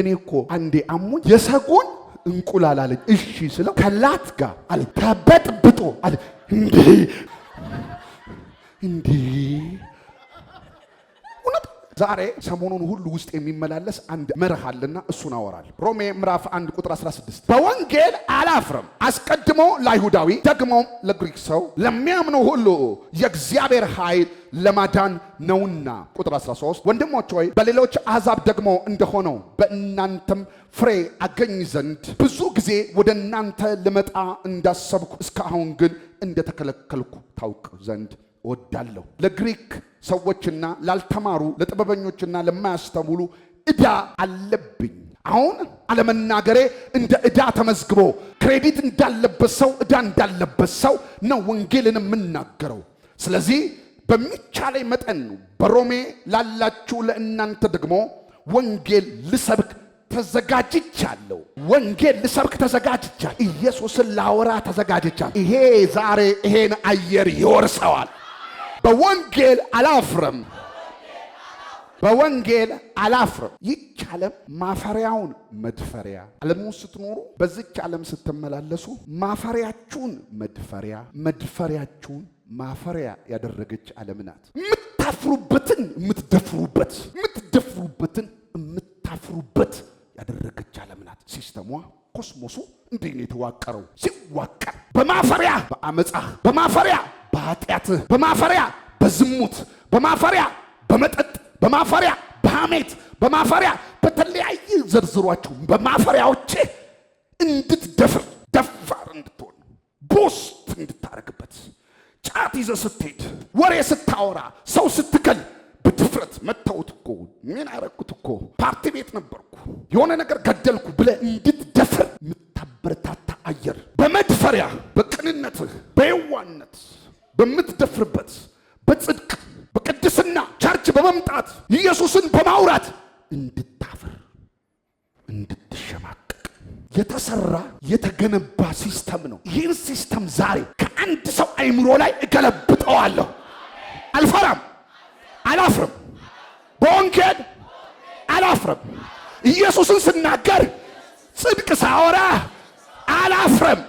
እኔ እኮ አንዴ አሞኝ የሰጎን እንቁላል አለኝ። እሺ ስለው ከላት ጋር አለ ተበጥብጦ አለ እንዴ እንዴ ዛሬ ሰሞኑን ሁሉ ውስጥ የሚመላለስ አንድ መርህ አለና እሱን አወራል። ሮሜ ምዕራፍ 1 ቁጥር 16 በወንጌል አላፍርም፣ አስቀድሞ ለአይሁዳዊ ደግሞም ለግሪክ ሰው ለሚያምኑ ሁሉ የእግዚአብሔር ኃይል ለማዳን ነውና። ቁጥር 13 ወንድሞች ሆይ በሌሎች አሕዛብ ደግሞ እንደሆነው በእናንተም ፍሬ አገኝ ዘንድ ብዙ ጊዜ ወደ እናንተ ልመጣ እንዳሰብኩ እስካሁን ግን እንደተከለከልኩ ታውቅ ዘንድ እወዳለሁ። ለግሪክ ሰዎችና ላልተማሩ ለጥበበኞችና ለማያስተውሉ እዳ አለብኝ። አሁን አለመናገሬ እንደ እዳ ተመዝግቦ ክሬዲት እንዳለበት ሰው እዳ እንዳለበት ሰው ነው ወንጌልን የምናገረው። ስለዚህ በሚቻለኝ መጠን በሮሜ ላላችሁ ለእናንተ ደግሞ ወንጌል ልሰብክ ተዘጋጅቻለሁ። ወንጌል ልሰብክ ተዘጋጅቻለሁ። ኢየሱስን ላወራ ተዘጋጅቻለሁ። ይሄ ዛሬ ይሄን አየር ይወርሰዋል። በወንጌል አላፍርም በወንጌል አላፍርም። ይች ዓለም ማፈሪያውን መድፈሪያ ዓለም ውስጥ ስትኖሩ በዚች ዓለም ስትመላለሱ ማፈሪያችሁን መድፈሪያ መድፈሪያችሁን ማፈሪያ ያደረገች ዓለም ናት። የምታፍሩበትን የምትደፍሩበት የምትደፍሩበትን የምታፍሩበት ያደረገች ዓለም ናት። ሲስተሟ ኮስሞሱ እንዲህ ነው የተዋቀረው። ሲዋቀር በማፈሪያ በአመፃህ፣ በማፈሪያ በኃጢአትህ፣ በማፈሪያ በዝሙት፣ በማፈሪያ በመጠጥ፣ በማፈሪያ በሐሜት፣ በማፈሪያ በተለያየ ዘርዝሯችሁ በማፈሪያዎች እንድትደፍር ደፋር እንድትሆን ቦስት እንድታደርግበት ጫት ይዘ ስትሄድ፣ ወሬ ስታወራ፣ ሰው ስትገል በድፍረት መታወት እኮ ምን አረኩት እኮ ፓርቲ ቤት ነበርኩ የሆነ ነገር ገደልኩ ብለ እንድትደፍር የምታበረታታ አየር በመድፈሪያ በቅንነትህ በየዋነት በምትደፍርበት በጽድቅ በቅድስና ቸርች በመምጣት ኢየሱስን በማውራት እንድታፍር እንድትሸማቀቅ የተሰራ የተገነባ ሲስተም ነው። ይህን ሲስተም ዛሬ ከአንድ ሰው አይምሮ ላይ እገለብጠዋለሁ። አልፈራም። አላፍርም፣ በወንጌል አላፍርም። ኢየሱስን ስናገር ጽድቅ ሳወራ አላፍርም።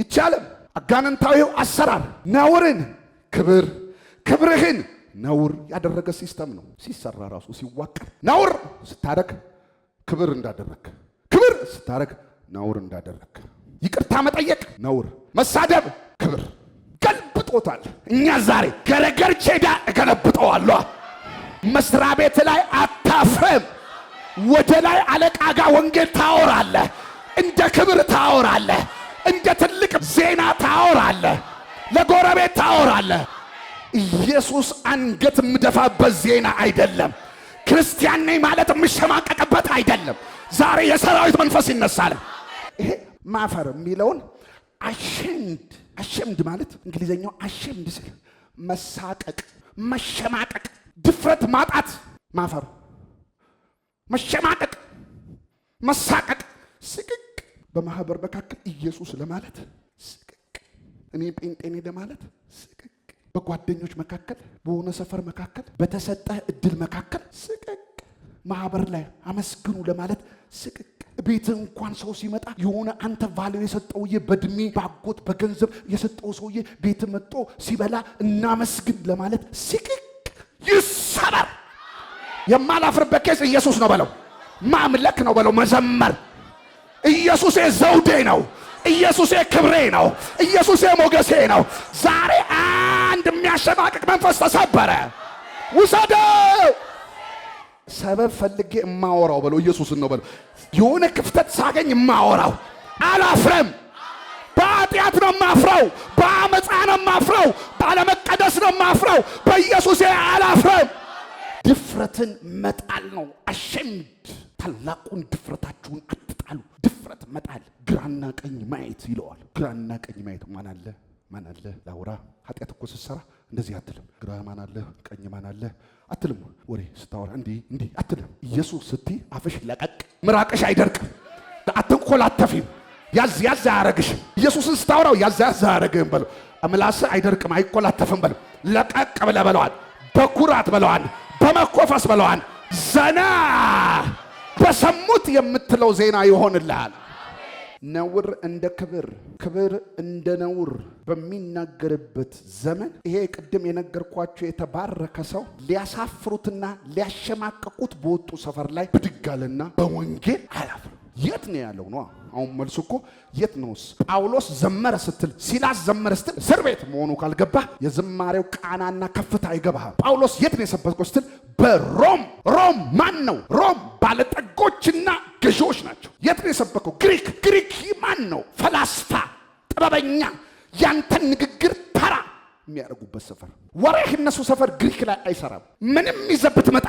ይቻለም አጋንንታዊው አሰራር ነውርን ክብር ክብርህን ነውር ያደረገ ሲስተም ነው። ሲሰራ ራሱ ሲዋቀር ነውር ስታደረግ ክብር እንዳደረግ፣ ክብር ስታደረግ ነውር እንዳደረግ፣ ይቅርታ መጠየቅ ነውር፣ መሳደብ ክብር ገልብጦታል። እኛ ዛሬ ገረገር ቼዳ እገለብጠዋለሁ። መስሪያ ቤት ላይ አታፍርም። ወደ ላይ አለቃ ጋር ወንጌል ታወራለ እንደ ክብር ታወራለ እንደ ትልቅ ዜና ታወራለ ለጎረቤት ታወራለ ኢየሱስ አንገት የምደፋበት ዜና አይደለም። ክርስቲያን ነኝ ማለት የምሸማቀቅበት አይደለም። ዛሬ የሰራዊት መንፈስ ይነሳል። ይሄ ማፈር የሚለውን አሸንድ አሸምድ ማለት እንግሊዘኛው አሸምድ ስል መሳቀቅ፣ መሸማቀቅ፣ ድፍረት ማጣት፣ ማፈሩ፣ መሸማቀቅ፣ መሳቀቅ፣ ስቅቅ በማህበር መካከል ኢየሱስ ለማለት ስቅቅ፣ እኔ ጴንጤኔ ለማለት ስቅቅ፣ በጓደኞች መካከል፣ በሆነ ሰፈር መካከል፣ በተሰጠ እድል መካከል ስቅቅ ማህበር ላይ አመስግኑ ለማለት ስቅቅ ቤት እንኳን ሰው ሲመጣ የሆነ አንተ ቫሌው የሰጠውዬ በእድሜ ባጎት በገንዘብ የሰጠው ሰውዬ ቤት መጦ ሲበላ እናመስግን ለማለት ስቅቅ ይሰበር። የማላፍርበት ኬስ ኢየሱስ ነው በለው፣ ማምለክ ነው በለው፣ መዘመር ኢየሱሴ ዘውዴ ነው፣ ኢየሱሴ ክብሬ ነው፣ ኢየሱሴ ሞገሴ ነው። ዛሬ አንድ የሚያሸማቅቅ መንፈስ ተሰበረ። ውሰደው ሰበብ ፈልጌ የማወራው በለው። ኢየሱስን ነው በለው። የሆነ ክፍተት ሳገኝ የማወራው አላፍረም። በኃጢአት ነው ማፍረው፣ በአመፃ ነው የማፍረው፣ ባለመቀደስ ነው ማፍረው። በኢየሱስ አላፍረም። ድፍረትን መጣል ነው። አሸምድ ታላቁን ድፍረታችሁን አትጣሉ። ድፍረት መጣል ግራና ቀኝ ማየት ይለዋል። ግራና ቀኝ ማየት ማን አለ ማን አለ ላውራ። ኃጢአት እኮ ስትሰራ እንደዚህ አትልም። ግራ ማን አለ ቀኝ ማን አለ አትልም። ወሬ ስታወራ እንዲህ እንዲህ አትልም። ኢየሱስ ስትይ አፍሽ ለቀቅ፣ ምራቅሽ አይደርቅም፣ አትንኮላተፊም፣ ያዝ ያዝ አያረግሽም። ኢየሱስን ስታወራው ያዝ ያዝ አያረግም በለው። ምላስ አይደርቅም፣ አይኮላተፍም በለው። ለቀቅ ብለ በለዋል። በኩራት በለዋል። በመኮፈስ በለዋል። ዘና በሰሙት የምትለው ዜና ይሆንልሃል። ነውር እንደ ክብር ክብር እንደ ነውር በሚናገርበት ዘመን ይሄ ቅድም የነገርኳቸው የተባረከ ሰው ሊያሳፍሩትና ሊያሸማቀቁት በወጡ ሰፈር ላይ ብድጋልና በወንጌል አላፍርም። የት ነው ያለው ነው? አሁን መልሱ እኮ የት ነውስ? ጳውሎስ ዘመረ ስትል ሲላስ ዘመረ ስትል እስር ቤት መሆኑ ካልገባ የዝማሬው ቃናና ከፍታ አይገባህም። ጳውሎስ የት ነው የሰበከው ስትል በሮም። ሮም ማን ነው? ሮም ባለጠጎችና ገዢዎች ናቸው። የት ነው የሰበከው? ግሪክ። ግሪክ ማን ነው? ፈላስፋ ጥበበኛ ያንተን ንግግር ተራ የሚያደርጉበት ሰፈር። ወሬህ እነሱ ሰፈር ግሪክ ላይ አይሰራም። ምንም ይዘህ ብትመጣ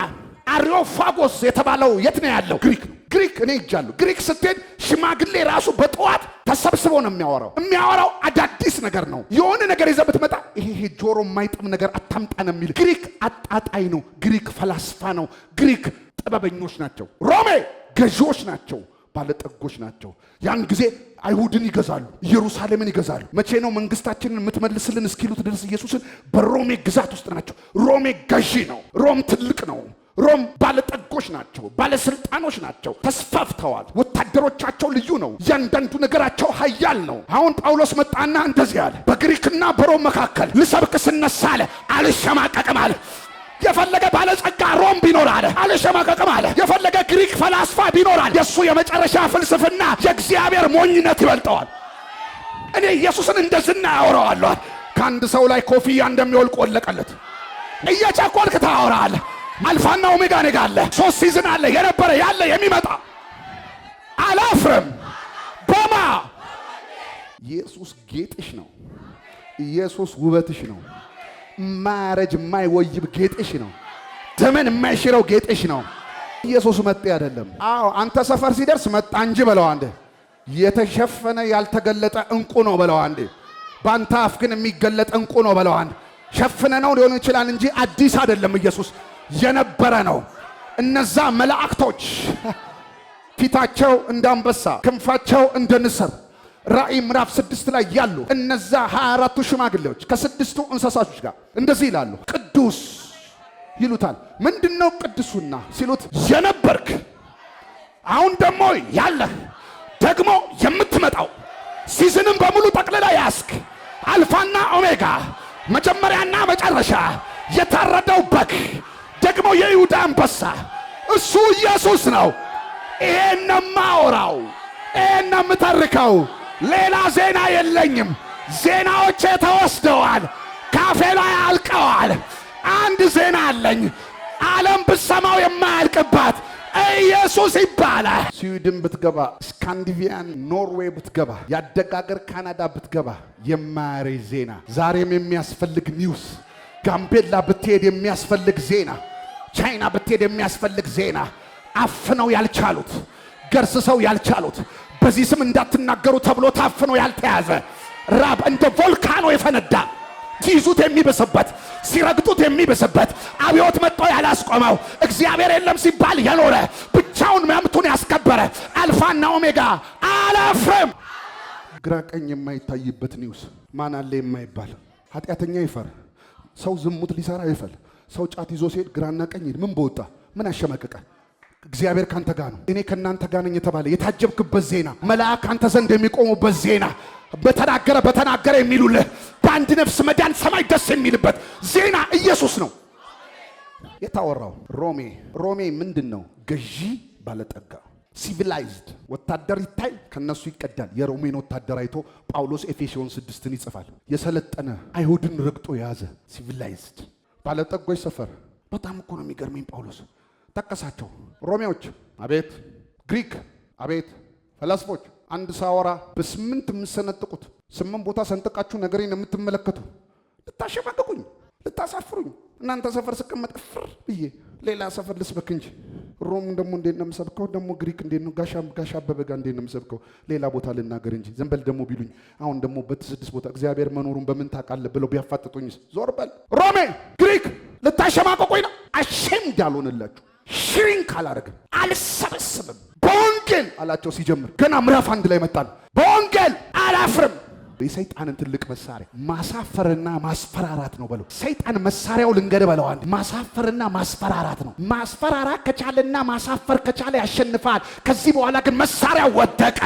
አሪዮፋጎስ የተባለው የት ነው ያለው? ግሪክ ነው። ግሪክ እኔ ይጃለሁ። ግሪክ ስትሄድ ሽማግሌ ራሱ በጠዋት ተሰብስቦ ነው የሚያወራው። የሚያወራው አዳዲስ ነገር ነው። የሆነ ነገር ይዘህ ብትመጣ ይሄ ጆሮ የማይጥም ነገር አታምጣ ነው የሚል። ግሪክ አጣጣይ ነው። ግሪክ ፈላስፋ ነው። ግሪክ ጥበበኞች ናቸው። ሮሜ ገዢዎች ናቸው። ባለጠጎች ናቸው። ያን ጊዜ አይሁድን ይገዛሉ፣ ኢየሩሳሌምን ይገዛሉ። መቼ ነው መንግስታችንን የምትመልስልን እስኪሉት ድረስ ኢየሱስን በሮሜ ግዛት ውስጥ ናቸው። ሮሜ ገዢ ነው። ሮም ትልቅ ነው። ሮም ባለጠጎች ናቸው፣ ባለስልጣኖች ናቸው። ተስፋፍተዋል። ወታደሮቻቸው ልዩ ነው። እያንዳንዱ ነገራቸው ሀያል ነው። አሁን ጳውሎስ መጣና እንደዚህ አለ፣ በግሪክና በሮም መካከል ልሰብክ ስነሳ አለ አልሸማቀቅም አለ የፈለገ ባለጸጋ ሮም ቢኖር አለ አልሸማቀቅም አለ። የፈለገ ግሪክ ፈላስፋ ቢኖራል የእሱ የመጨረሻ ፍልስፍና የእግዚአብሔር ሞኝነት ይበልጠዋል። እኔ ኢየሱስን እንደዝና ያወራዋለሁ። ከአንድ ሰው ላይ ኮፍያ እንደሚወልቅ ወለቀለት። እየቸኮልክ ታወራለ። አልፋና ኦሜጋ ኔጋ አለ። ሶስት ሲዝን አለ የነበረ ያለ የሚመጣ አላፍርም። በማ ኢየሱስ ጌጥሽ ነው። ኢየሱስ ውበትሽ ነው። ማረጅ የማይወይብ ጌጥሽ ነው። ዘመን የማይሽረው ጌጥሽ ነው። ኢየሱስ መጤ አይደለም። አዎ አንተ ሰፈር ሲደርስ መጣ እንጂ በለው አንዴ። የተሸፈነ ያልተገለጠ እንቁ ነው በለው አንዴ። በአንተ አፍ ግን የሚገለጥ እንቁ ነው በለው አንድ ሸፍነ ነው ሊሆን ይችላል እንጂ አዲስ አይደለም። ኢየሱስ የነበረ ነው። እነዛ መላእክቶች ፊታቸው እንዳንበሳ ክንፋቸው እንደ ንስር ራእይ ምዕራፍ ስድስት ላይ ያሉ እነዛ ሀያ አራቱ ሽማግሌዎች ከስድስቱ እንስሳቶች ጋር እንደዚህ ይላሉ። ቅዱስ ይሉታል። ምንድነው ቅዱሱና ሲሉት የነበርክ አሁን ደግሞ ያለህ ደግሞ የምትመጣው ሲዝንም በሙሉ ጠቅልላ ያስክ አልፋና ኦሜጋ መጀመሪያና መጨረሻ የታረደው በግ ደግሞ የይሁዳ አንበሳ እሱ ኢየሱስ ነው። ይሄን ነው የማወራው። ይሄን ነው የምተርከው። ሌላ ዜና የለኝም። ዜናዎቼ ተወስደዋል፣ ካፌ ላይ አልቀዋል። አንድ ዜና አለኝ፣ ዓለም ብትሰማው የማያልቅባት ኢየሱስ ይባላል። ስዊድን ብትገባ፣ ስካንዲቪያን ኖርዌይ ብትገባ፣ ያደጋገር ካናዳ ብትገባ የማያሬ ዜና፣ ዛሬም የሚያስፈልግ ኒውስ፣ ጋምቤላ ብትሄድ የሚያስፈልግ ዜና፣ ቻይና ብትሄድ የሚያስፈልግ ዜና፣ አፍነው ያልቻሉት ገርስሰው ያልቻሉት በዚህ ስም እንዳትናገሩ ተብሎ ታፍኖ ያልተያዘ ራብ እንደ ቮልካኖ የፈነዳ ሲይዙት የሚብስበት ሲረግጡት የሚብስበት አብዮት መጥቶ ያላስቆመው እግዚአብሔር የለም ሲባል የኖረ ብቻውን መምቱን ያስከበረ አልፋና ኦሜጋ አላፍርም። ግራ ቀኝ የማይታይበት ኒውስ ማን አለ የማይባል ኃጢአተኛ ይፈር። ሰው ዝሙት ሊሰራ ይፈል። ሰው ጫት ይዞ ሲሄድ ግራና ቀኝ ምን በወጣ ምን አሸማቀቀ እግዚአብሔር ካንተ ጋር ነው፣ እኔ ከእናንተ ጋር ነኝ የተባለ የታጀብክበት ዜና፣ መልአክ አንተ ዘንድ የሚቆሙበት ዜና፣ በተናገረ በተናገረ የሚሉልህ በአንድ ነፍስ መዳን ሰማይ ደስ የሚልበት ዜና ኢየሱስ ነው የታወራው። ሮሜ ሮሜ ምንድን ነው? ገዢ ባለጠጋ ሲቪላይዝድ ወታደር ይታይ ከነሱ ይቀዳል። የሮሜን ወታደር አይቶ ጳውሎስ ኤፌሲዮን ስድስትን ይጽፋል። የሰለጠነ አይሁድን ረግጦ የያዘ ሲቪላይዝድ ባለጠጎች ሰፈር። በጣም እኮ ነው የሚገርመኝ ጳውሎስ ጠቀሳቸው። ሮሜዎች አቤት፣ ግሪክ አቤት፣ ፈላስፎች አንድ ሳወራ በስምንት የምሰነጥቁት ስምንት ቦታ ሰንጥቃችሁ ነገሬን የምትመለከቱ ልታሸማቅቁኝ፣ ልታሳፍሩኝ እናንተ ሰፈር ስቀመጥ ፍር ብዬ ሌላ ሰፈር ልስበክ እንጂ ሮም ደግሞ እንዴት ነው የምሰብከው? ደግሞ ግሪክ እንዴት ነው ጋሻ ጋሻ አበበ ጋር እንዴት ነው የምሰብከው? ሌላ ቦታ ልናገር እንጂ ዘንበል ደግሞ ቢሉኝ፣ አሁን ደግሞ በስድስት ቦታ እግዚአብሔር መኖሩን በምን ታውቃለህ ብለው ቢያፋጥጡኝ፣ ዞር በል ሮሜ ግሪክ ልታሸማቀቆኝ ነው። አሸምድ አልሆነላችሁ ሽሪንክ አላደርግም፣ አልሰበስብም በወንጌል አላቸው። ሲጀምር ገና ምዕራፍ አንድ ላይ መጣን። በወንጌል አላፍርም። የሰይጣንን ትልቅ መሳሪያ ማሳፈርና ማስፈራራት ነው በለው። ሰይጣን መሳሪያው ልንገር በለው አንድ ማሳፈርና ማስፈራራት ነው። ማስፈራራት ከቻለና ማሳፈር ከቻለ ያሸንፋል። ከዚህ በኋላ ግን መሳሪያው ወደቀ።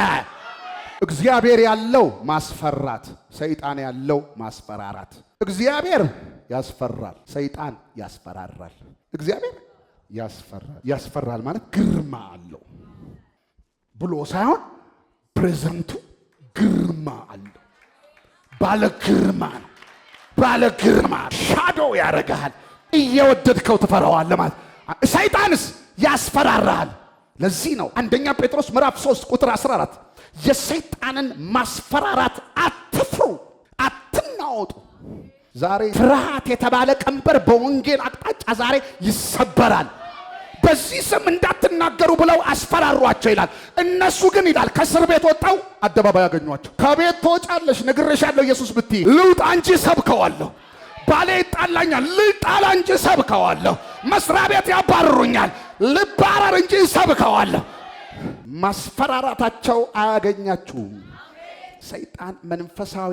እግዚአብሔር ያለው ማስፈራት፣ ሰይጣን ያለው ማስፈራራት። እግዚአብሔር ያስፈራል፣ ሰይጣን ያስፈራራል። እግዚአብሔር ያስፈራል። ያስፈራል ማለት ግርማ አለው ብሎ ሳይሆን ፕሬዘንቱ ግርማ አለው። ባለ ግርማ ነው። ባለ ግርማ ሻዶ ያደርግሃል። እየወደድከው ትፈራዋለህ ማለት። ሰይጣንስ ያስፈራራሃል። ለዚህ ነው አንደኛ ጴጥሮስ ምዕራፍ 3 ቁጥር 14 የሰይጣንን ማስፈራራት አትፍሩ፣ አትናወጡ ዛሬ ፍርሃት የተባለ ቀንበር በወንጌል አቅጣጫ ዛሬ ይሰበራል። በዚህ ስም እንዳትናገሩ ብለው አስፈራሯቸው ይላል። እነሱ ግን ይላል ከእስር ቤት ወጣው አደባባይ ያገኟቸው። ከቤት ትወጫለሽ ነግሬሻለሁ ኢየሱስ ብትይ ልውጣ እንጂ ሰብከዋለሁ። ባሌ ይጣላኛል ልጣላ እንጂ ሰብከዋለሁ። መስሪያ ቤት ያባርሩኛል ልባረር እንጂ ሰብከዋለሁ። ማስፈራራታቸው አያገኛችሁም። ሰይጣን መንፈሳዊ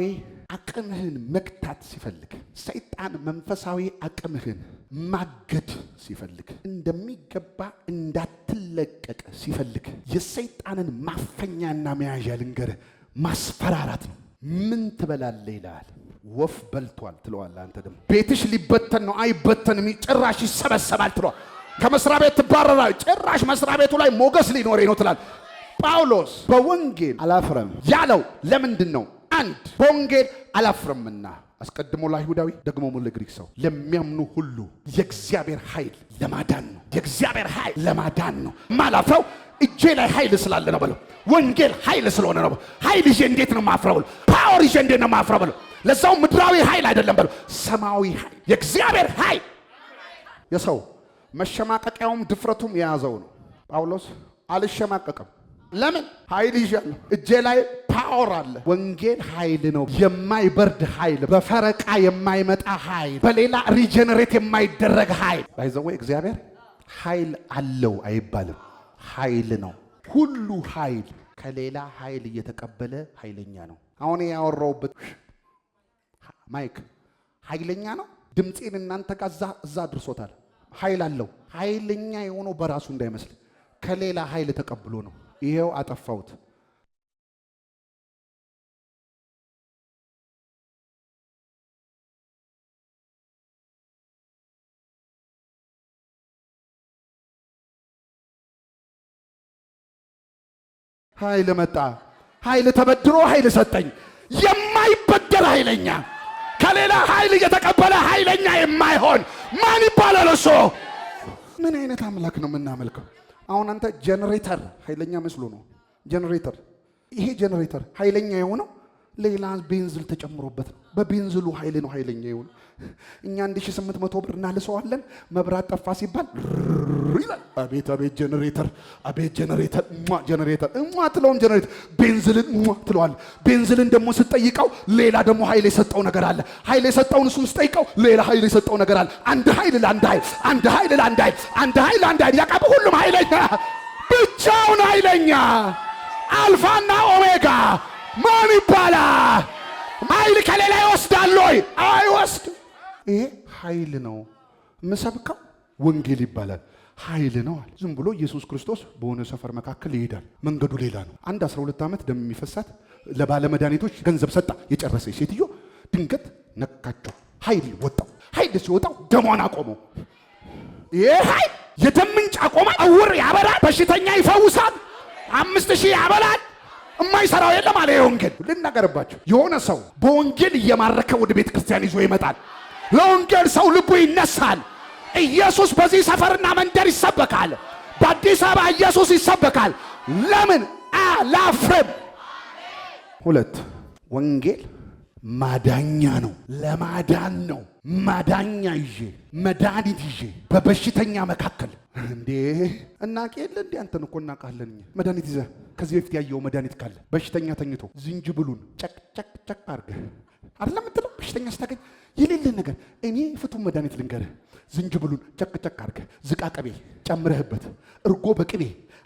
አቅምህን መክታት ሲፈልግ ሰይጣን መንፈሳዊ አቅምህን ማገድ ሲፈልግ እንደሚገባ እንዳትለቀቅ ሲፈልግ የሰይጣንን ማፈኛና መያዣ ልንገር፣ ማስፈራራት ነው። ምን ትበላለ ይልሃል። ወፍ በልቷል ትለዋል። አንተ ደግሞ ቤትሽ ሊበተን ነው። አይበተንም፣ ጭራሽ ይሰበሰባል ትለዋል። ከመስሪያ ቤት ትባረራል። ጭራሽ መስሪያ ቤቱ ላይ ሞገስ ሊኖረኝ ነው ትላል። ጳውሎስ በወንጌል አላፍረም ያለው ለምንድን ነው? አንድ በወንጌል አላፍርምና አስቀድሞ ለአይሁዳዊ ደግሞም ለግሪክ ሰው ለሚያምኑ ሁሉ የእግዚአብሔር ኃይል ለማዳን ነው። የእግዚአብሔር ኃይል ለማዳን ነው። ማላፍረው እጄ ላይ ኃይል ስላለ ነው በለው። ወንጌል ኃይል ስለሆነ ነው። ኃይል ይዤ እንዴት ነው ማፍረው በለው። ፓወር ይዤ እንዴት ነው ማፍረው በለው። ለዛው ምድራዊ ኃይል አይደለም በለው፣ ሰማያዊ ኃይል፣ የእግዚአብሔር ኃይል የሰው መሸማቀቂያውም ድፍረቱም የያዘው ነው። ጳውሎስ አልሸማቀቅም ለምን ኃይል ይዣለሁ እጄ ላይ ፓወር አለ። ወንጌል ኃይል ነው፣ የማይበርድ ኃይል፣ በፈረቃ የማይመጣ ኃይል፣ በሌላ ሪጀነሬት የማይደረግ ኃይል። ባይዘወ እግዚአብሔር ኃይል አለው አይባልም፣ ኃይል ነው። ሁሉ ኃይል ከሌላ ኃይል እየተቀበለ ኃይለኛ ነው። አሁን ያወራውበት ማይክ ኃይለኛ ነው። ድምፄን እናንተ ጋር እዛ አድርሶታል። ኃይል አለው። ኃይለኛ የሆነው በራሱ እንዳይመስል ከሌላ ኃይል ተቀብሎ ነው። ይሄው አጠፋሁት። ኃይል መጣ። ኃይል ተበድሮ ኃይል ሰጠኝ። የማይበደር ኃይለኛ ከሌላ ኃይል የተቀበለ ኃይለኛ የማይሆን ማን ይባላል? እሱ ምን አይነት አምላክ ነው የምናመልከው? አሁን አንተ ጀነሬተር ኃይለኛ መስሎ ነው ጀነሬተር። ይሄ ጀነሬተር ኃይለኛ የሆነው ሌላ ቤንዝል ተጨምሮበት ነው። በቤንዝሉ ኃይል ነው ኃይለኛ የሆነ እኛ 1800 ብር እናልሰዋለን። መብራት ጠፋ ሲባል ይላል አቤት አቤት ጀነሬተር፣ አቤት ጀነሬተር፣ እማ ጀነሬተር፣ እማ ትለውም ጀነሬተር፣ ቤንዝልን እማ ትለዋል። ቤንዝልን ደግሞ ስጠይቀው ሌላ ደግሞ ኃይል የሰጠው ነገር አለ። ኃይል የሰጠውን እሱም ስጠይቀው ሌላ ኃይል የሰጠው ነገር አለ። አንድ ኃይል ለአንድ ኃይል፣ አንድ ኃይል ለአንድ ኃይል፣ አንድ ኃይል ለአንድ ኃይል ያቃብ ሁሉም ኃይለኛ ብቻውን ኃይለኛ አልፋና ኦሜጋ ማን ይባላል? ኃይል ከሌላ ይወስዳል ወይ? አይወስድ። ይሄ ኃይል ነው የምሰብከው፣ ወንጌል ይባላል። ኃይል ነው ዝም ብሎ ኢየሱስ ክርስቶስ በሆነ ሰፈር መካከል ይሄዳል። መንገዱ ሌላ ነው። አንድ 12 ዓመት ደም የሚፈሳት ለባለመድኃኒቶች ገንዘብ ሰጣ የጨረሰች ሴትዮ ድንገት ነካቸው። ኃይል ወጣው። ኃይል ሲወጣው ደሟን አቆመው። ይሄ ኃይል የደም ምንጭ አቆመ። እውር ያበራል፣ በሽተኛ ይፈውሳል፣ አምስት ሺህ ያበላል። የማይሰራው የለም አለ። የወንጌል ልናገርባቸው የሆነ ሰው በወንጌል እየማረከ ወደ ቤተ ክርስቲያን ይዞ ይመጣል። ለወንጌል ሰው ልቡ ይነሳል። ኢየሱስ በዚህ ሰፈርና መንደር ይሰበካል። በአዲስ አበባ ኢየሱስ ይሰበካል። ለምን አላፍርም። ሁለት ወንጌል ማዳኛ ነው። ለማዳን ነው። ማዳኛ ይዤ መድኃኒት ይዤ በበሽተኛ መካከል እንዴ እናቅ የለ እንዴ አንተን እኮ እናቃለን። መድኃኒት ይዘ ከዚህ በፊት ያየው መድኃኒት ካለ በሽተኛ ተኝቶ ዝንጅብሉን ጨቅጨቅጨቅ አርገ አለ ምትለው በሽተኛ ስታገኝ የሌለ ነገር እኔ ፍቱን መድኃኒት ልንገርህ። ዝንጅብሉን ጨቅጨቅ አርገ ዝቃ ቅቤ ጨምረህበት እርጎ በቅቤ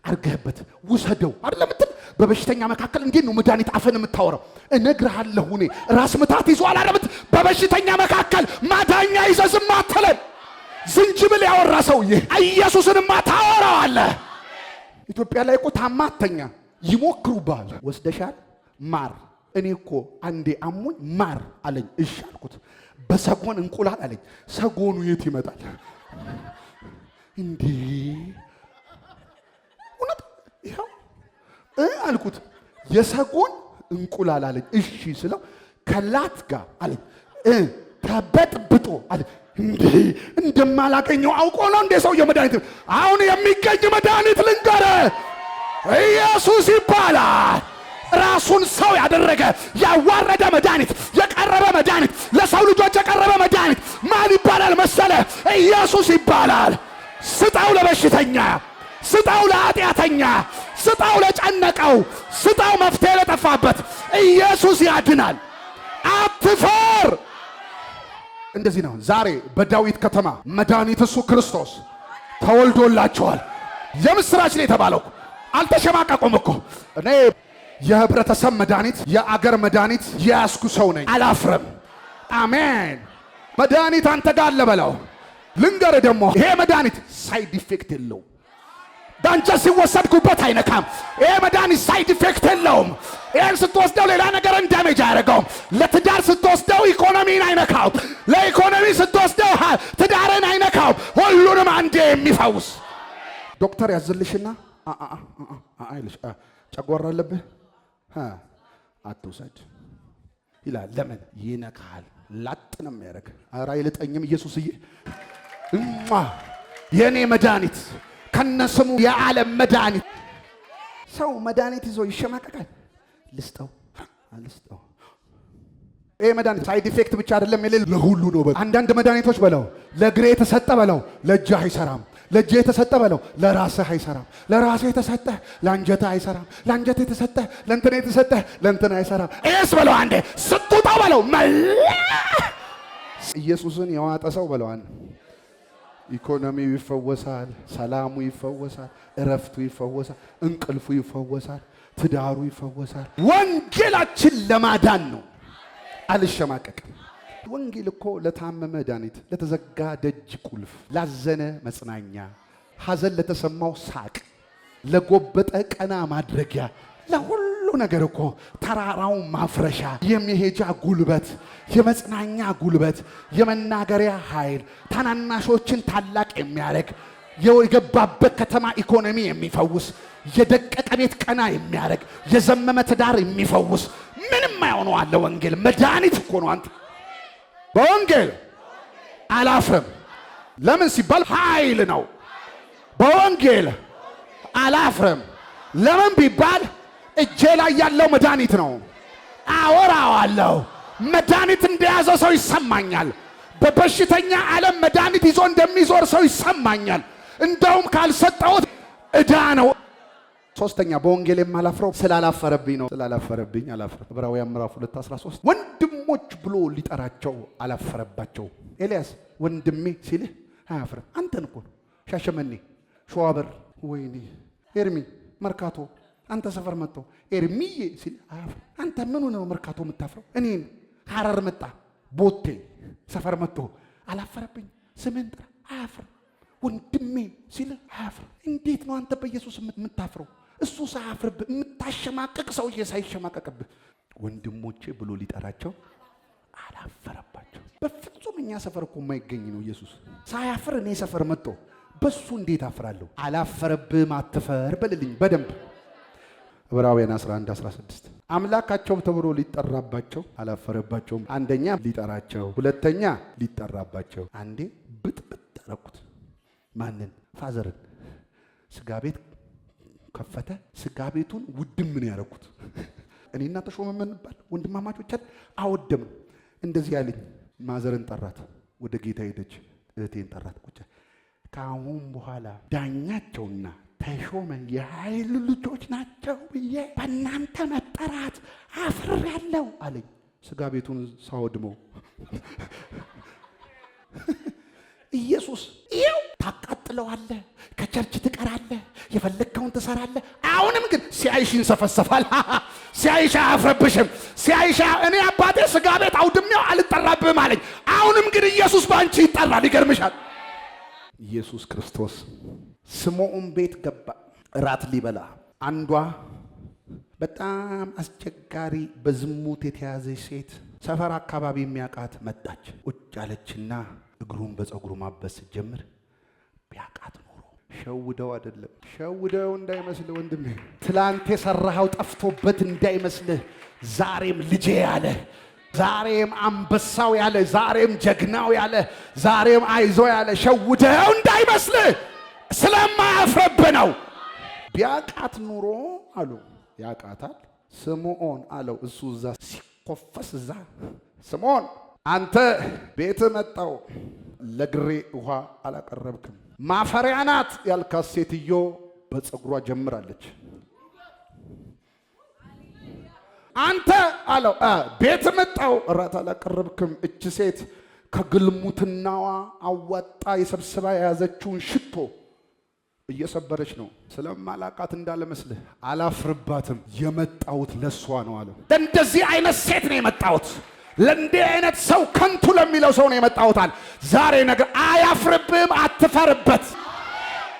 አርገህበት ውሰደው አይደለ ምትል በበሽተኛ መካከል እንዴት ነው መድኃኒት አፈን የምታወራው? እነግርሃለሁ እኔ ራስ ምታት ይዞ አላረምት በበሽተኛ መካከል ማዳኛ ይዘ ዝም አትለን። ዝንጅብል ያወራ ሰውዬ ኢየሱስንማ ታወራዋለህ። ኢትዮጵያ ላይ እኮ ታማ አተኛ ይሞክሩብሃል። ወስደሻል ማር እኔ እኮ አንዴ አሞኝ ማር አለኝ። እሺ አልኩት። በሰጎን እንቁላል አለኝ። ሰጎኑ የት ይመጣል እንዴ? ይኸው አልኩት። የሰጎን እንቁላል አለኝ። እሺ ስለው ከላት ጋር አለኝ ተበጥብጦ አለ። እንዲህ እንደማላገኘው አውቆ ነው እንዴ ሰውየ መድኃኒት? አሁን የሚገኝ መድኃኒት ልንገረ ኢየሱስ ይባላል። ራሱን ሰው ያደረገ ያዋረደ መድኃኒት፣ የቀረበ መድኃኒት፣ ለሰው ልጆች የቀረበ መድኃኒት ማን ይባላል መሰለ? ኢየሱስ ይባላል። ስጣው ለበሽተኛ ስጠው ለኃጢአተኛ፣ ስጠው ለጨነቀው፣ ስጠው መፍትሄ ለጠፋበት። ኢየሱስ ያድናል። አትፈር። እንደዚህ ነው። ዛሬ በዳዊት ከተማ መድኃኒት እሱ ክርስቶስ ተወልዶላቸዋል። የምስራች ላይ የተባለው። አልተሸማቀቁም እኮ እኔ የህብረተሰብ መድኃኒት፣ የአገር መድኃኒት የያዝኩ ሰው ነኝ። አላፍርም። አሜን። መድኃኒት አንተ ጋር አለ በለው። ልንገር ደግሞ ይሄ መድኃኒት ሳይድ ኢፌክት የለውም። በአንጀት ሲወሰድ ጉበት አይነካም። ይሄ መድኃኒት ሳይድ ኢፌክት የለውም። ይህን ስትወስደው ሌላ ነገርን ዳሜጅ አያደርገውም። ለትዳር ስትወስደው ኢኮኖሚን አይነካው። ለኢኮኖሚ ስትወስደው ትዳርን አይነካው። ሁሉንም አንዴ የሚፈውስ ዶክተር ያዝልሽና አይልሽ ጨጓራ አለብህ አትውሰድ ይላል። ለምን ይነካል? ላጥ ነው የሚያደርግ። ኧረ አይልጠኝም ኢየሱስዬ የእኔ መድኃኒት ከነስሙ የዓለም መድኃኒት ሰው መድኃኒት ይዞ ይሸማቀቃል። ልስጠው አልስጠው። ይህ መድኃኒት ሳይድ ኢፌክት ብቻ አይደለም፣ የሌለ ለሁሉ ነው። አንዳንድ መድኃኒቶች በለው ለእግሬ የተሰጠ በለው ለእጅህ አይሰራም፣ ለእጅ የተሰጠ በለው ለራስህ አይሰራም፣ ለራሴ የተሰጠ ለአንጀትህ አይሰራም፣ ለአንጀት የተሰጠ ለእንትን የተሰጠ ለእንትን አይሰራም። ኤስ በለው አንዴ ስትውጣው በለው መላ ኢየሱስን የዋጠ ሰው በለው ኢኮኖሚው ይፈወሳል፣ ሰላሙ ይፈወሳል፣ እረፍቱ ይፈወሳል፣ እንቅልፉ ይፈወሳል፣ ትዳሩ ይፈወሳል። ወንጌላችን ለማዳን ነው። አልሸማቀቅም። ወንጌል እኮ ለታመመ ዳኒት፣ ለተዘጋ ደጅ ቁልፍ፣ ላዘነ መጽናኛ፣ ሐዘን ለተሰማው ሳቅ፣ ለጎበጠ ቀና ማድረጊያ ለሁሉ ሁሉ ነገር እኮ ተራራው ማፍረሻ፣ የመሄጃ ጉልበት፣ የመጽናኛ ጉልበት፣ የመናገሪያ ኃይል፣ ታናናሾችን ታላቅ የሚያደርግ የገባበት ከተማ ኢኮኖሚ የሚፈውስ የደቀቀ ቤት ቀና የሚያደርግ የዘመመ ትዳር የሚፈውስ ምንም አይሆነው አለ ወንጌል። መድኃኒት እኮ ነው። አንተ በወንጌል አላፍርም። ለምን ሲባል ኃይል ነው። በወንጌል አላፍርም። ለምን ቢባል እጄ ላይ ያለው መድኃኒት ነው። አወራዋለሁ። መድኃኒት እንደያዘ ሰው ይሰማኛል። በበሽተኛ ዓለም መድኃኒት ይዞ እንደሚዞር ሰው ይሰማኛል። እንደውም ካልሰጠሁት እዳ ነው። ሶስተኛ በወንጌል የማላፍረው ስላላፈረብኝ ነው። ስላላፈረብኝ አላፍረም። ዕብራውያን ምዕራፍ 2 13 ወንድሞች ብሎ ሊጠራቸው አላፈረባቸው። ኤልያስ ወንድሜ ሲልህ አያፍርም። አንተን እኮ ሻሸመኔ፣ ሸዋበር፣ ወይኔ ኤርሚ፣ መርካቶ አንተ ሰፈር መጥቶ ኤርሚዬ ሲል አንተ ምን ሆነ ነው መርካቶ የምታፍረው? እኔን ሀረር መጣ ቦቴ ሰፈር መጥቶ አላፈረብኝ። ስምን ጥራ አያፍር። ወንድሜ ሲል አያፍር። እንዴት ነው አንተ በኢየሱስ የምታፍረው? እሱ ሳያፍርብ የምታሸማቀቅ ሰውዬ ሳይሸማቀቅብህ ወንድሞቼ ብሎ ሊጠራቸው አላፈረባቸው። በፍጹም እኛ ሰፈር እኮ የማይገኝ ነው ኢየሱስ ሳያፍር እኔ ሰፈር መጥቶ በሱ እንዴት አፍራለሁ? አላፈረብህም። አትፈር በልልኝ በደንብ ዕብራውያን 11 16 አምላካቸው ተብሎ ሊጠራባቸው አላፈረባቸውም። አንደኛ ሊጠራቸው፣ ሁለተኛ ሊጠራባቸው። አንዴ ብጥብጥ አረኩት። ማንን? ፋዘርን። ስጋ ቤት ከፈተ። ስጋ ቤቱን ውድም ነው ያረኩት። እኔና ተሾመ የምንባል ወንድማማቾቻት አወደም። እንደዚህ ያለኝ ማዘርን ጠራት፣ ወደ ጌታ ሄደች። እህቴን ጠራት። ቁጭ ከአሁን በኋላ ዳኛቸውና ተሾመን የኃይል ልጆች ናቸው ብዬ በእናንተ መጠራት አፍር ያለው አለኝ። ስጋ ቤቱን ሳወድሞ ኢየሱስ ይው ታቃጥለዋለህ፣ ከቸርች ትቀራለህ፣ የፈለግከውን ትሰራለህ። አሁንም ግን ሲያይሽ ይንሰፈሰፋል። ሲያይሻ አያፍረብሽም። ሲያይሻ እኔ አባቴ ስጋ ቤት አውድሜው አልጠራብህም አለኝ። አሁንም ግን ኢየሱስ በአንቺ ይጠራል። ይገርምሻል። ኢየሱስ ክርስቶስ ስምዖን ቤት ገባ እራት ሊበላ። አንዷ በጣም አስቸጋሪ በዝሙት የተያዘች ሴት ሰፈር አካባቢ የሚያውቃት መጣች። ቁጭ አለችና እግሩን በፀጉሩ ማበስ ጀምር። ቢያውቃት ኖሮ ሸውደው አይደለም ሸውደው እንዳይመስል ወንድሜ፣ ትላንት የሰራኸው ጠፍቶበት እንዳይመስልህ። ዛሬም ልጄ ያለ ዛሬም አንበሳው ያለ ዛሬም ጀግናው ያለ ዛሬም አይዞ ያለ ሸውደው እንዳይመስልህ ስለማያፍረብ ነው። ቢያቃት ኑሮ አሉ ያቃታል። ስምዖን አለው እሱ እዛ ሲኮፈስ እዛ ስምዖን አንተ ቤት መጣው ለግሬ ውሃ አላቀረብክም። ማፈሪያ ናት ያልካት ሴትዮ በፀጉሯ ጀምራለች። አንተ አለው ቤት መጣው እራት አላቀረብክም። እች ሴት ከግልሙትናዋ አዋጣ የሰብስባ የያዘችውን ሽቶ እየሰበረች ነው። ስለማላቃት እንዳለመስልህ አላፍርባትም። የመጣሁት ለሷ ነው አለ። ለእንደዚህ አይነት ሴት ነው የመጣሁት። ለእንዲህ አይነት ሰው ከንቱ ለሚለው ሰው ነው የመጣሁት አለ። ዛሬ ነገር አያፍርብህም፣ አትፈርበት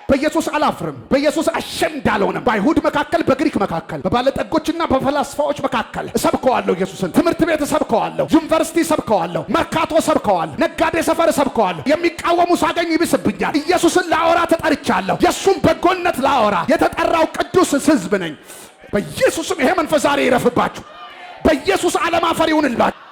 በኢየሱስ አላፍርም፣ በኢየሱስ አሸም አልሆንም። በአይሁድ መካከል፣ በግሪክ መካከል፣ በባለጠጎችና በፈላስፋዎች መካከል እሰብከዋለሁ ኢየሱስን። ትምህርት ቤት እሰብከዋለሁ፣ ዩኒቨርሲቲ እሰብከዋለሁ፣ መርካቶ እሰብከዋለሁ፣ ነጋዴ ሰፈር እሰብከዋለሁ። የሚቃወሙ ሳገኝ ይብስብኛል። ኢየሱስን ላወራ ተጠርቻለሁ። የእሱን በጎነት ላወራ የተጠራው ቅዱስ ሕዝብ ነኝ። በኢየሱስም ይሄ መንፈስ ዛሬ ይረፍባችሁ። በኢየሱስ ዓለም አፈር ይሁንላችሁ።